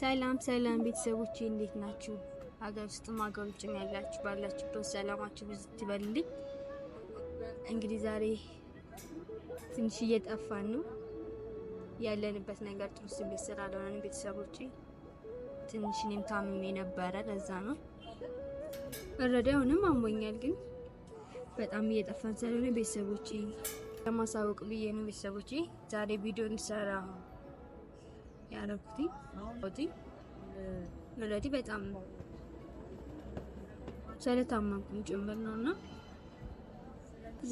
ሰላም ሰላም ቤተሰቦች እንዴት ናችሁ? ሀገር ውስጥም ሀገር ውጭም ያላችሁ ባላችሁበት ሰላማችሁ ብዙ ትበልልኝ። እንግዲህ ዛሬ ትንሽ እየጠፋን ነው ያለንበት ነገር ጥሩ ስሜት ለሆነን ቤተሰቦች፣ ትንሽ እኔም ታምሜ ነበረ ለዛ ነው እረዳ ሆንም አሞኛል። ግን በጣም እየጠፋን ስለሆነ ቤተሰቦች ለማሳወቅ ብዬ ነው ቤተሰቦች ዛሬ ቪዲዮ እንሰራ ያረኩትኝ ወዲ ኦልሬዲ በጣም ስለታመምኩም ጭምር ነው እና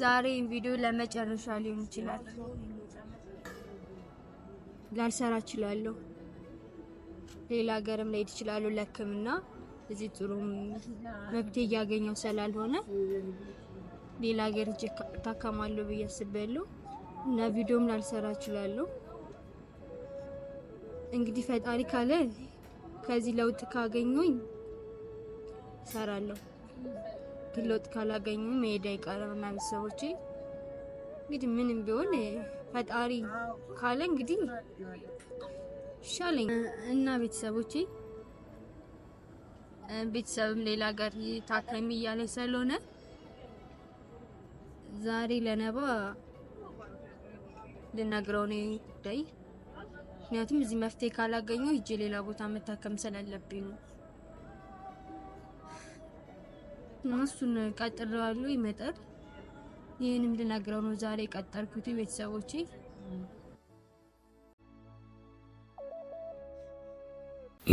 ዛሬ ቪዲዮ ለመጨረሻ ሊሆን ይችላል ላልሰራ እችላለሁ። ሌላ ሀገርም ላይ እችላለሁ ለሕክምና እዚህ ጥሩ መብት እያገኘው ስላልሆነ ሌላ ሀገር እጅ ታከማለሁ ብዬ አስቤያለሁ እና ቪዲዮም ላልሰራ እችላለሁ። እንግዲህ ፈጣሪ ካለ ከዚህ ለውጥ ካገኘኝ ሰራለሁ፣ ግን ለውጥ ካላገኙ መሄድ አይቀርም እና ቤተሰቦቼ እንግዲህ ምንም ቢሆን ፈጣሪ ካለ እንግዲህ ይሻለኝ እና ቤተሰቦቼ ቤተሰብም ሌላ ሀገር ታከሚ እያለ ስለሆነ ዛሬ ለነባ ልነግረው ነው ጉዳይ ምክንያቱም እዚህ መፍትሄ ካላገኘ ሂጄ ሌላ ቦታ መታከም ስላለብኝ ነው። እና እሱን ቀጥሬዋለሁ፣ ይመጣል። ይህንም ልነግረው ነው ዛሬ ቀጠርኩት። ቤተሰቦቼ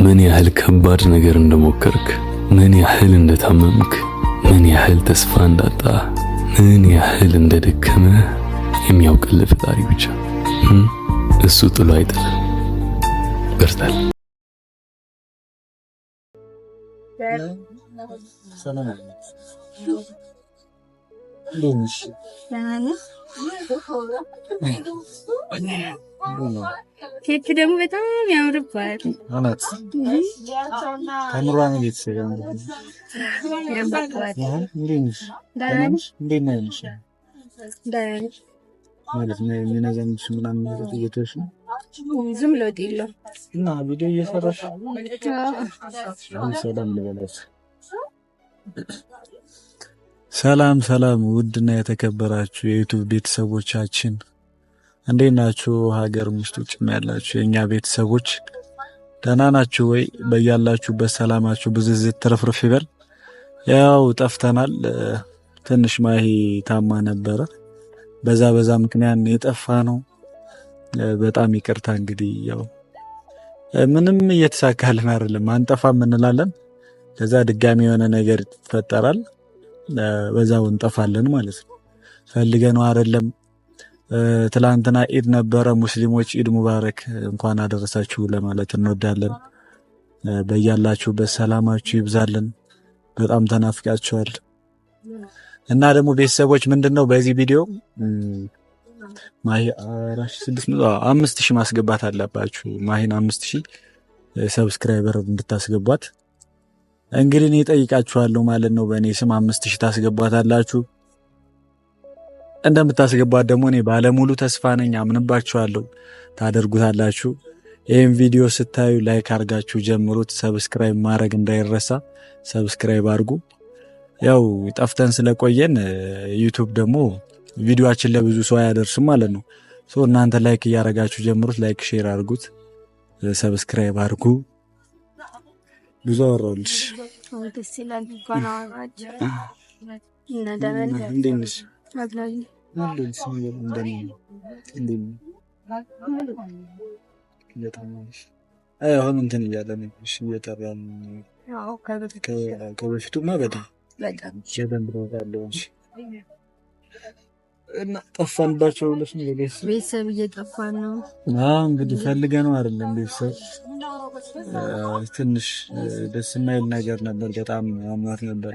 ምን ያህል ከባድ ነገር እንደሞከርክ፣ ምን ያህል እንደታመምክ፣ ምን ያህል ተስፋ እንዳጣ፣ ምን ያህል እንደደከመ የሚያውቅልህ ፈጣሪ ብቻ እሱ ጥሎ አይጥልም። ይገርታል። ኬክ ደግሞ በጣም ያምርባል። እውነት ከምሯን ቤተሰብ ማለት ነው። ዝም ለውጥ የለም እና ቪዲዮ እየሰራሽ ሰላም ልበለች። ሰላም ሰላም፣ ውድና የተከበራችሁ የዩቱብ ቤተሰቦቻችን እንዴት ናችሁ? ሀገር ውስጥ ውጭም ያላችሁ የእኛ ቤተሰቦች ደህና ናችሁ ወይ? በያላችሁበት ሰላማችሁ ብዝዝት ትርፍርፍ ይበል። ያው ጠፍተናል። ትንሽ ማሂ ታማ ነበረ። በዛ በዛ ምክንያት የጠፋ ነው። በጣም ይቅርታ እንግዲህ ያው ምንም እየተሳካልን አይደለም። አንጠፋም እንላለን፣ ከዛ ድጋሚ የሆነ ነገር ይፈጠራል፣ በዛው እንጠፋለን ማለት ነው። ፈልገነው አይደለም። ትላንትና ኢድ ነበረ። ሙስሊሞች ኢድ ሙባረክ እንኳን አደረሳችሁ ለማለት እንወዳለን። በያላችሁበት ሰላማችሁ ይብዛልን። በጣም ተናፍቃችኋል እና ደግሞ ቤተሰቦች ምንድን ነው በዚህ ቪዲዮ ማሂ አራት ስድስት መቶ አምስት ሺህ ማስገባት አለባችሁ። ማሂን አምስት ሺህ ሰብስክራይበር እንድታስገቧት እንግዲህ እኔ ጠይቃችኋለሁ ማለት ነው። በእኔ ስም አምስት ሺህ ታስገቧት አላችሁ። እንደምታስገቧት ደግሞ እኔ ባለሙሉ ተስፋ ነኝ። አምንባችኋለሁ፣ ታደርጉታላችሁ። ይህም ቪዲዮ ስታዩ ላይክ አድርጋችሁ ጀምሩት። ሰብስክራይብ ማድረግ እንዳይረሳ፣ ሰብስክራይብ አድርጉ። ያው ጠፍተን ስለቆየን ዩቱብ ደግሞ ቪዲዮችን ለብዙ ሰው አያደርስም ማለት ነው። ሶ እናንተ ላይክ እያደረጋችሁ ጀምሩት። ላይክ ሼር አድርጉት፣ ሰብስክራይብ አድርጉ። ብዙ አወራሁልሽ። አሁን እንትን እያለ ከበፊቱማ በጣም ጠፋንባቸው ብለሽ ነው ቤተሰብ ቤተሰብ እየጠፋን ነው። አዎ እንግዲህ ፈልገ ነው አይደለም ቤተሰብ ትንሽ ደስ የማይል ነገር ነበር። በጣም አሟት ነበር።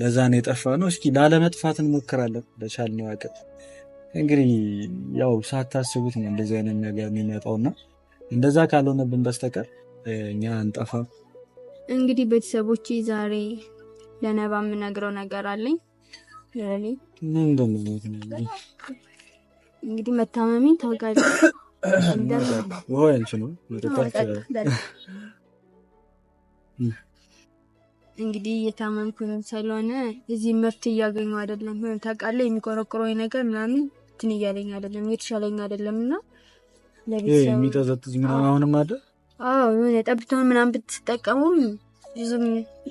ለዛ ነው የጠፋ ነው። እስኪ ላለመጥፋት እንሞክራለን በቻልነው አቅም። እንግዲህ ያው ሳታስቡት ነው እንደዚህ አይነት ነገር የሚመጣው እና እንደዛ ካልሆነብን በስተቀር እኛ አንጠፋም። እንግዲህ ቤተሰቦች ዛሬ ለነባ የምነግረው ነገር አለኝ እንግዲህ መታመሜን ተወጋጅ እንግዲህ እየታመምኩኝ ስለሆነ እዚህ መፍትሄ እያገኘሁ አይደለም። ታውቃለህ፣ የሚቆረቁረኝ ነገር ምናምን እንትን እያለኝ አይደለም፣ እየተሻለኝ አይደለም። እና የሚጠዘጥዝ ምናምን አሁንም አለ። አዎ የሆነ ጠብታውን ምናምን ብትጠቀሙም ብዙም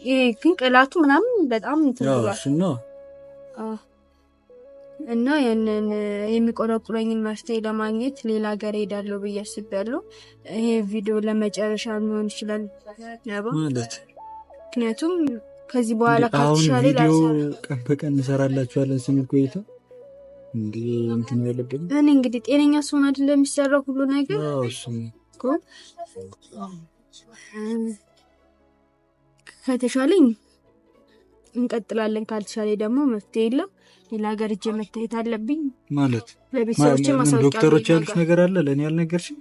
ይሄ ግን ቅላቱ ምናምን በጣም ትብሏል። እና ያንን የሚቆረቁረኝን መፍትሄ ለማግኘት ሌላ ሀገር ሄዳለሁ ብዬ አስቤያለሁ። ይሄ ቪዲዮ ለመጨረሻ ሊሆን ይችላል ምክንያቱም ከዚህ በኋላ ካትሻሌ ቀን በቀን እንሰራላችኋለን ስንል ቆይታ እኔ እንግዲህ ጤነኛ ስሆን አይደል የሚሰራው ሁሉ ነገር ከተሻለኝ እንቀጥላለን። ካልተሻለ ደግሞ መፍትሄ የለም። ሌላ ሀገር እጄ መታየት አለብኝ ማለት ዶክተሮች ያሉት ነገር አለ ለእኔ ያልነገርሽኝ?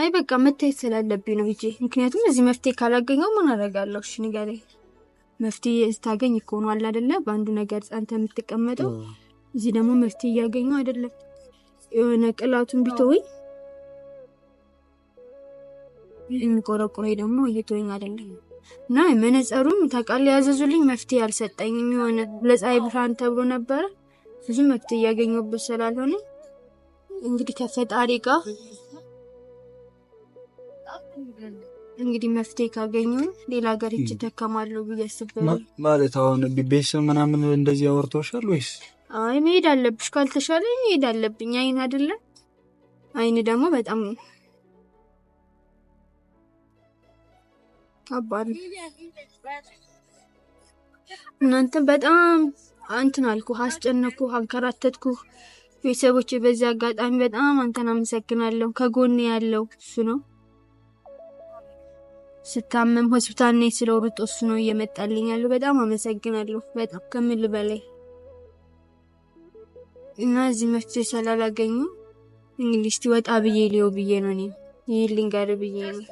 አይ በቃ መታየት ስላለብኝ ነው ሂጄ። ምክንያቱም እዚህ መፍትሄ ካላገኘው ምን አደርጋለሁ? እሺ ንገረኝ። መፍትሄ ስታገኝ እኮ ነው አለ አይደለ? በአንዱ ነገር ጸንተ የምትቀመጠው። እዚህ ደግሞ መፍትሄ እያገኘው አይደለም። የሆነ ቅላቱን ቢተወኝ የሚቆረቁረኝ ደግሞ እየተወኝ አይደለም እና መነጽሩም ታውቃለህ ያዘዙልኝ መፍትሄ አልሰጠኝም። የሆነ ለፀሐይ ብርሃን ተብሎ ነበረ ብዙ መፍትሄ እያገኘሁበት ስላልሆነ እንግዲህ ከፈጣሪ ጋር እንግዲህ መፍትሄ ካገኙ ሌላ ሀገር እጅ ተከማለሁ ብዬ አስባለሁ። ማለት አሁን ቤተሰብ ምናምን እንደዚህ አወርተውሻል ወይስ? አይ መሄድ አለብሽ ካልተሻለ መሄድ አለብኝ። አይን አይደለም አይን ደግሞ በጣም ከባድ እናንተ በጣም አንትን አልኩ፣ አስጨነኩ፣ አንከራተትኩ። ቤተሰቦች በዚህ አጋጣሚ በጣም አንተን አመሰግናለሁ። ከጎን ያለው እሱ ነው። ስታመም ሆስፒታል ነኝ ስለው ሩጦ እሱ ነው እየመጣልኝ ያለው። በጣም አመሰግናለሁ፣ በጣም ከምል በላይ እና እዚህ መፍትሄ ስላላገኙ እንግዲህ እስቲ ወጣ ብዬ ሊው ብዬ ነው እኔ ይህን ልንገር ብዬ ነው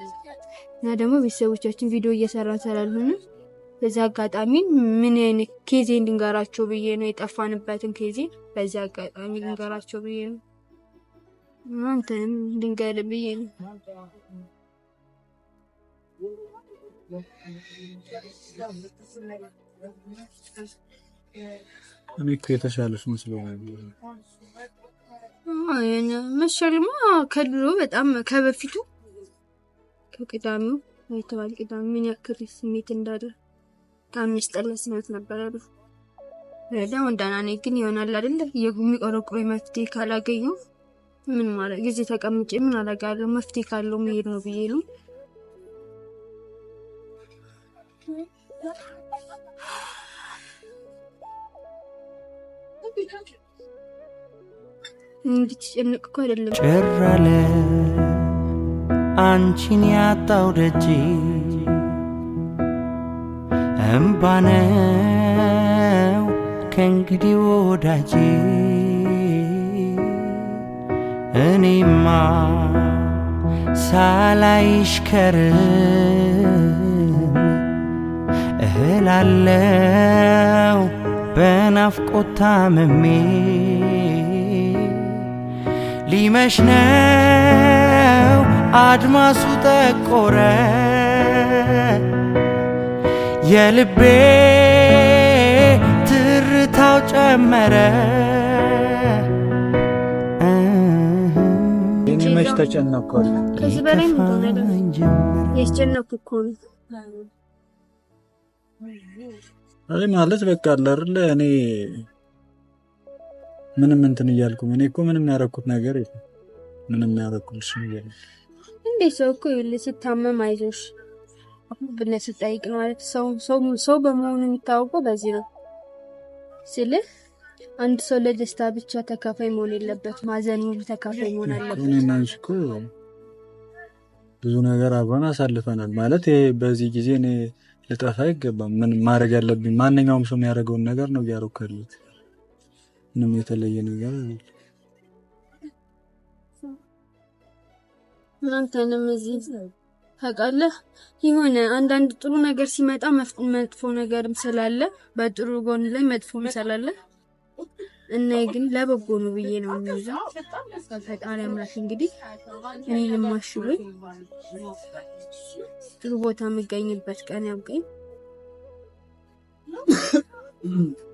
እና ደግሞ ቤተሰቦቻችን ቪዲዮ እየሰራን ስላልሆነ በዚህ አጋጣሚ ምን አይነት ኬዜ እንድንገራቸው ብዬ ነው የጠፋንበትን ኬዜ በዚህ አጋጣሚ ልንገራቸው ብዬ ነው እናንተንም ልንገር ብዬ ነው። እኔ እኮ የተሻለሽ መስሎኝ መሻልማ ከድሮ በጣም ከበፊቱ ባለፈው ቅዳሜው የተባለ ቅዳሜ ምን ያክል ስሜት እንዳለ ከሚያስጠላ ስሜት ነበረ። ለአሁን ደህና ነኝ፣ ግን ይሆናል አይደለ የሚቆረቁረኝ መፍትሄ ካላገኙ ምን ማለት ጊዜ ተቀምጭ ምን አደርጋለሁ? መፍትሄ ካለው መሄድ ነው ብዬ ነው። እንድትጨንቅ እኮ አይደለም ጭራለ አንቺን ያጣው ደጅ እምባነው ከእንግዲህ ወዳጅ እኔማ ሳላይሽ ከርም እህላለው በናፍቆት ታምሜ ሊመሽ ነው አድማሱ ጠቆረ የልቤ ትርታው ጨመረ። መች ተጨነኳል ከዚህ በላይ ማለት በቃ አለ እኔ ምንም እንትን እያልኩም እኔ እኮ ምንም ያደረኩት ነገር የለም ምንም ያደረኩልሽ ነገር እንዴት ሰው እኮ ይኸውልህ ስታመም አይዞሽ ብነት ስጠይቅ ማለት ሰው ሰው በመሆኑ የሚታወቀው በዚህ ነው ስልህ አንድ ሰው ለደስታ ብቻ ተካፋይ መሆን የለበት፣ ማዘኑ ተካፋይ መሆን አለበት። እኔና አንቺ እኮ ብዙ ነገር አብረን አሳልፈናል። ማለት ይሄ በዚህ ጊዜ እኔ ልጠፋ አይገባም። ምን ማድረግ ያለብኝ ማንኛውም ሰው የሚያደርገውን ነገር ነው እያደረኩ ያለሁት። ምንም የተለየ ነገር አይደለም። አንተንም እዚህ ታውቃለህ የሆነ አንዳንድ ጥሩ ነገር ሲመጣ መጥፎ ነገርም ስላለ በጥሩ ጎን ላይ መጥፎም ስላለ እና ግን ለበጎ ነው ብዬ ነው የሚይዘው። ፈጣሪ አምላክ እንግዲህ እኔ አሽሎኝ ጥሩ ቦታ የምገኝበት ቀን ያብቀኝ።